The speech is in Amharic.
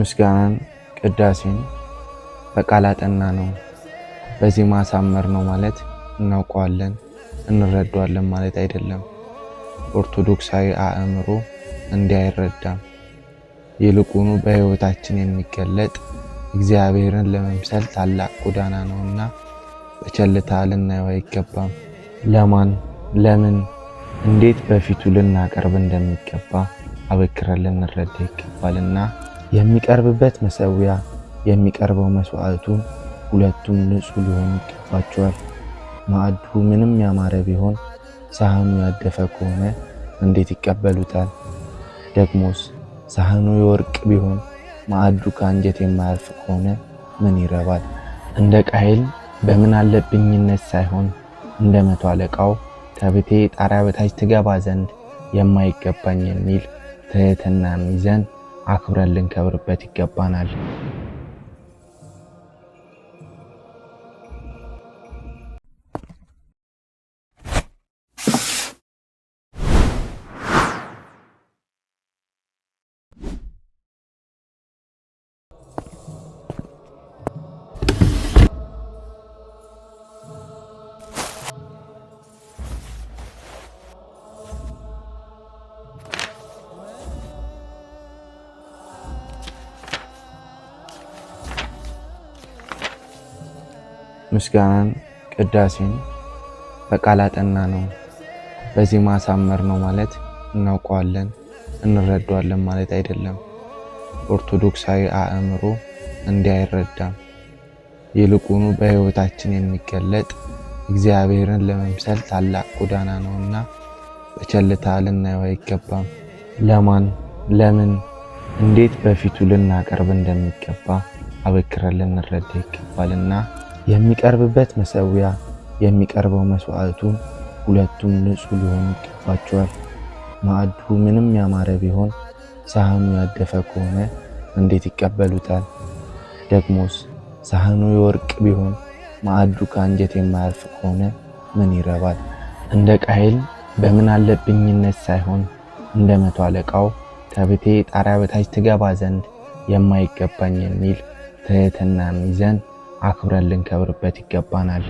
ምስጋናን ቅዳሴን በቃል አጠና ነው፣ በዚህ ማሳመር ነው ማለት እናውቀዋለን እንረዳዋለን ማለት አይደለም። ኦርቶዶክሳዊ አእምሮ እንዲህ አይረዳም። ይልቁኑ በሕይወታችን የሚገለጥ እግዚአብሔርን ለመምሰል ታላቅ ጎዳና ነውና በቸልታ ልናየው አይገባም። ለማን ለምን እንዴት በፊቱ ልናቀርብ እንደሚገባ አበክረን ልንረዳ ይገባልና የሚቀርብበት መሰዊያ የሚቀርበው መስዋዕቱ ሁለቱም ንጹህ ሊሆኑ ይገባቸዋል። ማዕዱ ምንም ያማረ ቢሆን ሳህኑ ያደፈ ከሆነ እንዴት ይቀበሉታል? ደግሞስ ሳህኑ የወርቅ ቢሆን ማዕዱ ከአንጀት የማያልፍ ከሆነ ምን ይረባል? እንደ ቃይል በምን አለብኝነት ሳይሆን እንደ መቶ አለቃው ከብቴ ጣሪያ በታች ትገባ ዘንድ የማይገባኝ የሚል ትህትናን ይዘን አክብረን ልንከብርበት ይገባናል። ምስጋናን ቅዳሴን በቃል አጠና ነው፣ በዚህ ማሳመር ነው ማለት እናውቀዋለን እንረዳዋለን ማለት አይደለም። ኦርቶዶክሳዊ አእምሮ እንዲህ አይረዳም። ይልቁኑ በሕይወታችን የሚገለጥ እግዚአብሔርን ለመምሰል ታላቅ ጎዳና ነውና በቸልታ ልናየው አይገባም። ለማን ለምን እንዴት በፊቱ ልናቀርብ እንደሚገባ አበክረን ልንረዳ ይገባልና የሚቀርብበት መሠዊያ የሚቀርበው መሥዋዕቱም ሁለቱም ንጹሕ ሊሆኑ ይገባቸዋል። ማዕዱ ምንም ያማረ ቢሆን ሳህኑ ያደፈ ከሆነ እንዴት ይቀበሉታል? ደግሞስ ሳህኑ የወርቅ ቢሆን ማዕዱ ከአንጀት የማያልፍ ከሆነ ምን ይረባል? እንደ ቃይል በምን አለብኝነት ሳይሆን እንደ መቶ አለቃው ከቤቴ ጣሪያ በታች ትገባ ዘንድ የማይገባኝ የሚል ትሕትናን ይዘን አክብረን ልንከብርበት ይገባናል።